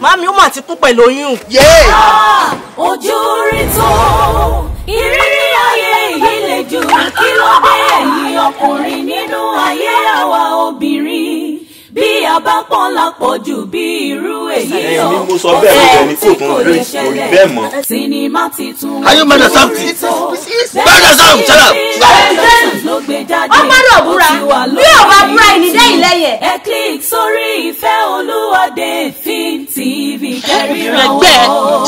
màmí ó mà ti kún pẹ̀lú oyún. Ah, ojú rí tó ìrírí ayé yìí lè jù kí ló dé ẹ̀yin ọkùnrin nínú ayé àwa obìnrin bí a bá pọ́n lápọ̀ jù bí irú èyí lọ ọ̀sẹ̀ tí kò lè ṣẹlẹ̀ sinimá ti tún wọ́n lórí tó bẹ́ẹ̀ ni ìrẹ́lẹ̀ ló gbé jáde ó ti wà bí ọba búra ìnídẹ́yìn lẹ́yẹ̀ ẹ kílíkì sórí ìfẹ́ olúwadé fi. TV kẹrìnrán wò.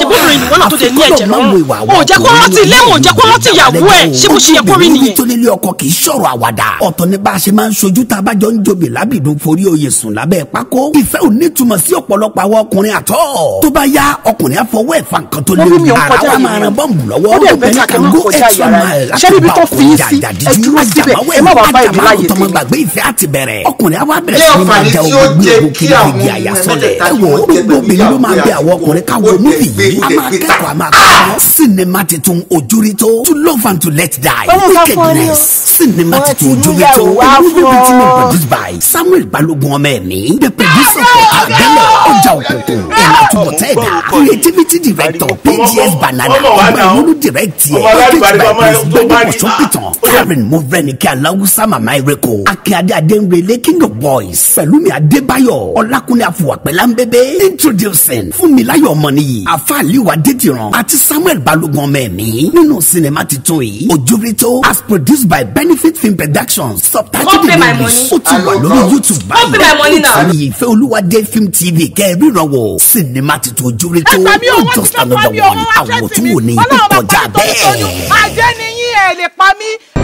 ìwọ́n náà tó dé ní ẹ̀jẹ̀ lọ́rùn o jẹ́ kó rántí lẹ́mọ̀ o jẹ́ kó rántí ìyàwó ẹ̀ ṣé bó ṣe yẹ kó rí nìyẹn. nítorí ilé ọkọ kì í ṣọ̀rọ̀ àwàdà ọ̀tọ̀ ni bá a ṣe máa ń ṣojú tá a bá jọ ń jobi lábìdún forí oyè sùn lábẹ́ pákó ìfẹ́ ò nítumọ̀ sí ọ̀pọ̀lọpọ̀ àwọn ọkùnrin àtọ́ tó bá yá ọkùnrin àfọwọ́ ẹ̀fà nǹkan tó léwu ara wa máa ran bọ́ǹbù lọ́wọ́ obìnrin kan gó ẹ̀tún máa láti bá ọkùnrin jàjà dídí wá jàmáwó ẹ̀ jàmáwó tọmọ gbàgbé ìfẹ́ àti bẹ̀rẹ̀ ọkùnrin àwa bẹ̀rẹ̀ sí máa da ogun gbogbo kiri àyà sọlẹ̀ ẹ̀wọ̀n gbogbo bẹ lórí tako àmàgbà. sinimá titun ojúrí tó to love and to let die wickedness sì ni matthew ojoyẹjọ olùdókòwò tí mo produced by samuel balogun ọmọ ẹ̀ the producer for àgbẹ̀lẹ̀ ọjà òkùnkùn ẹ̀rọ túbọ̀ tẹ̀ dá creativity director pgs banana ọmọ ìmúlú direct package by prince gbẹdẹ ọ̀ṣọ́pìtàn karen morenike aláwùsá mama ireko akínyàdé adéǹrẹ̀lẹ̀ king of boys pẹ̀lúmi adébáyọ̀ ọlákúnlé àfọwàpẹ̀lá introducing fúnmiláyọ̀ ọmọnìyí àfàlíwà dédìran àti samuel balogun ọmọ ẹ̀ nínú sinimá titun yìí ojúrító as produced by ben benefit film productions subtitled in english YouTube, ti wà lórí youtube báyìí lórí ìfẹ́ olúwadé film tv kẹ́ẹ̀ríran wò sinimá ti tó jórí tó ó just another one àwọn tí wò ní ìkọjá bẹ́ẹ̀. ọlọ́run bá tó ń tọ́jú àjẹ́ niyín ẹ̀ lè pa mí.